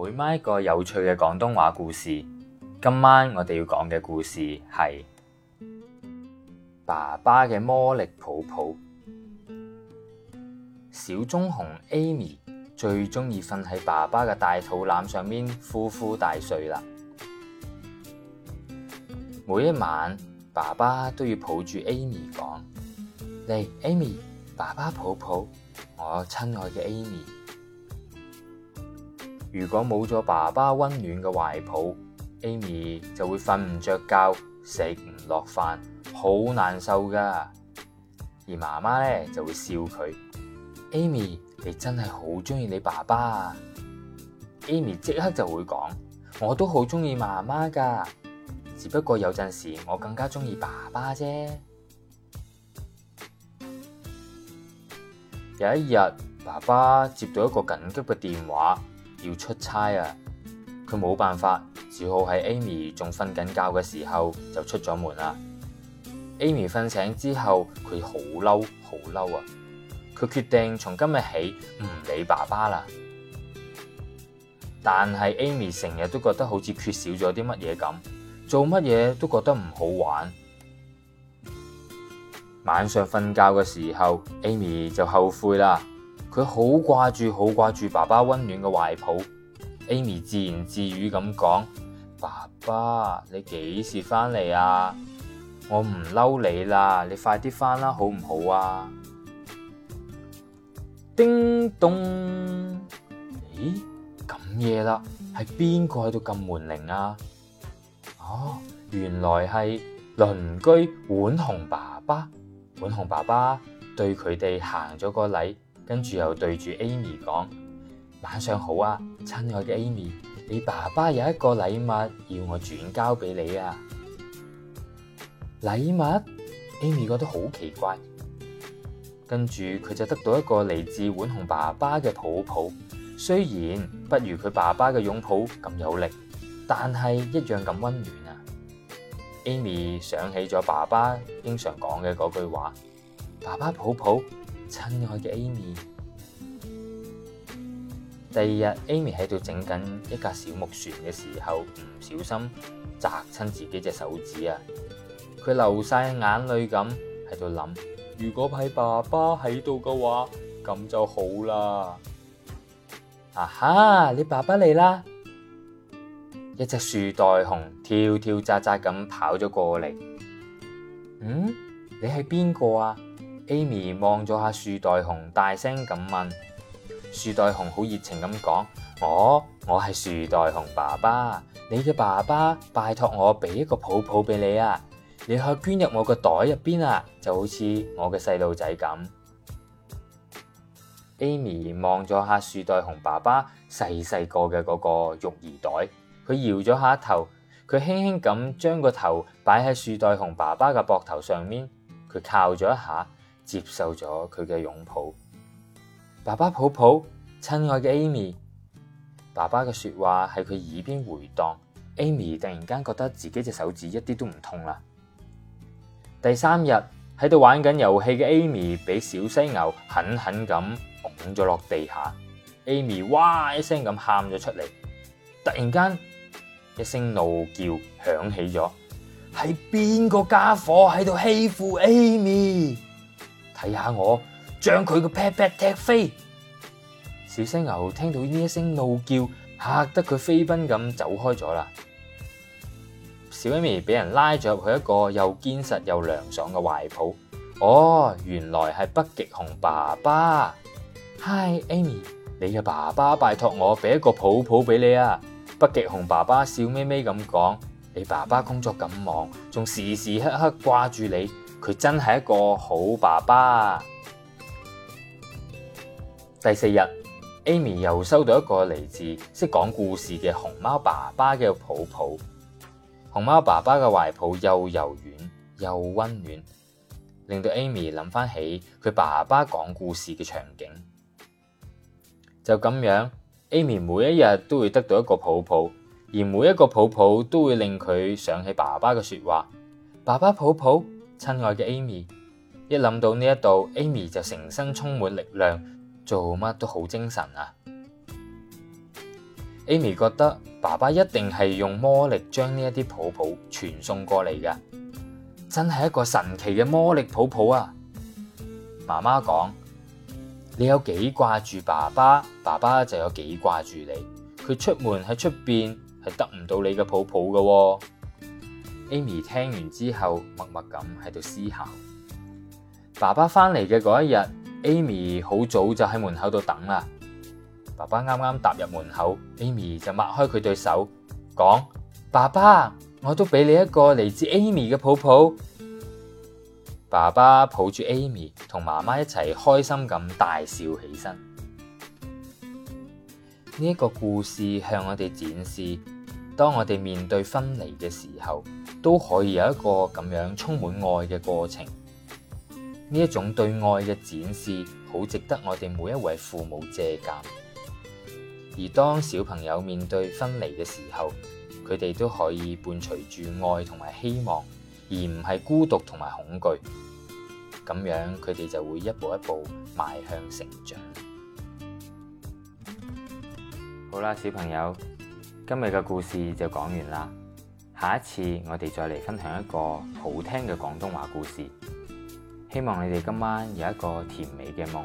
每晚一個有趣嘅廣東話故事，今晚我哋要講嘅故事係爸爸嘅魔力抱抱。小棕熊 Amy 最鍾意瞓喺爸爸嘅大肚腩上面呼呼大睡啦。每一晚，爸爸都要抱住 Amy 講：嚟，Amy，爸爸抱抱，我親愛嘅 Amy。如果冇咗爸爸溫暖嘅懷抱，Amy 就會瞓唔着覺，食唔落飯，好難受噶。而媽媽呢，就會笑佢，Amy，你真係好鍾意你爸爸啊。Amy 即刻就會講，我都好鍾意媽媽噶，只不過有陣時我更加鍾意爸爸啫。有一日，爸爸接到一個緊急嘅電話。要出差啊！佢冇辦法，只好喺 Amy 仲瞓緊覺嘅時候就出咗門啦。 Amy 瞓醒之後，佢好嬲，好嬲啊！佢決定從今日起唔理爸爸啦。但係 Amy 成日都覺得好似缺少咗啲乜嘢咁，做乜嘢都覺得唔好玩。晚上瞓覺嘅時候，Amy 就後悔啦。佢好掛住，好掛住爸爸温暖嘅懷抱。Amy 自言自語咁講：爸爸，你幾時翻嚟啊？我唔嬲你啦，你快啲翻啦，好唔好啊？叮咚，咦咁夜啦，係邊個喺度撳門鈴啊？哦，原來係鄰居碗紅爸爸。碗紅爸爸對佢哋行咗個禮。跟住又對住 Amy 講：晚上好啊，親愛嘅 Amy，你爸爸有一個禮物要我轉交俾你啊。禮物？Amy 覺得好奇怪。跟住佢就得到一個嚟自碗紅爸爸嘅抱抱，雖然不如佢爸爸嘅擁抱咁有力，但係一樣咁溫暖啊。Amy 想起咗爸爸經常講嘅嗰句話：爸爸抱抱。親愛嘅 Amy，第二日 Amy 喺度整緊一架小木船嘅時候，唔小心砸親自己隻手指啊！佢流晒眼淚咁喺度諗： 如果唔係爸爸喺度嘅話，咁就好啦！啊哈！你爸爸嚟啦！一隻樹袋熊跳跳扎紮咁跑咗過嚟。嗯，你係邊個啊？Amy 望咗下樹袋熊，大聲咁問。樹袋熊好熱情咁講，我我係樹袋熊爸爸，你嘅爸爸拜託我畀一個抱抱畀你啊，你可以捐入我個袋入邊啊，就好似我嘅細路仔咁。Amy 望咗下樹袋熊爸爸細細個嘅嗰個育兒袋，佢搖咗下頭，佢輕輕咁將個頭擺喺樹袋熊爸爸嘅膊頭上面，佢靠咗一下。接受咗佢嘅擁抱，爸爸抱抱，親愛嘅 Amy，爸爸嘅說話喺佢耳邊回蕩。 Amy 突然間覺得自己隻手指一啲都唔痛啦。第三日喺度玩緊遊戲嘅 Amy 俾小犀牛狠狠咁拱咗落地下 ，Amy 哇一聲咁喊咗出嚟。突然間一聲怒叫響起咗，係邊 個家伙喺度欺負 Amy？睇下我將佢個 pat pat 踢飛， 小犀牛聽到呢一聲怒叫，嚇得佢飛奔咁走開咗啦。小 Amy 俾人拉咗入去一個又堅實又涼爽嘅懷抱，哦，原來係北極熊爸爸。Hi，Amy，你嘅爸爸拜託我俾一個抱抱俾你啊！北極熊爸爸笑眯眯咁講，你爸爸工作咁忙，仲時時刻刻掛住你。佢真係一個好爸爸啊。第四日，Amy 又收到一個嚟自識講故事嘅熊貓爸爸嘅抱抱。熊貓爸爸嘅懷抱又柔軟又溫暖，令到 Amy 諗翻起佢爸爸講故事嘅場景。就咁樣，Amy 每一日都會得到一個抱抱，而每一個抱抱都會令佢想起爸爸嘅說話。爸爸抱抱。親愛嘅 Amy，一諗到呢一度，Amy 就成身充滿力量，做乜都好精神啊！Amy 覺得爸爸一定係用魔力將呢一啲抱抱傳送過嚟嘅，真係一個神奇嘅魔力抱抱啊！媽媽講：你有幾掛住爸爸，爸爸就有幾掛住你。佢出門喺出邊係得唔到你嘅抱抱嘅啊。Amy 聽完之後，默默咁喺度思考。爸爸返嚟嘅嗰一日，Amy 好早就喺門口度等啦。爸爸啱啱踏入門口，Amy 就擘開佢對手，講：爸爸，我都畀你一個嚟自 Amy 嘅抱抱。爸爸抱住 Amy，同媽媽一齊開心咁大笑起身。呢個故事向我哋展示，當我哋面對分離嘅時候，都可以有一個咁樣充滿愛嘅過程，呢一種對愛嘅展示，好值得我哋每一位父母借鑒。而當小朋友面對分離嘅時候，佢哋都可以伴隨住愛同埋希望，而唔係孤獨同埋恐懼。咁樣佢哋就會一步一步邁向成長。好啦，小朋友，今日嘅故事就講完啦。下一次我哋再嚟分享一個好聽嘅廣東話故事，希望你哋今晚有一個甜美嘅夢。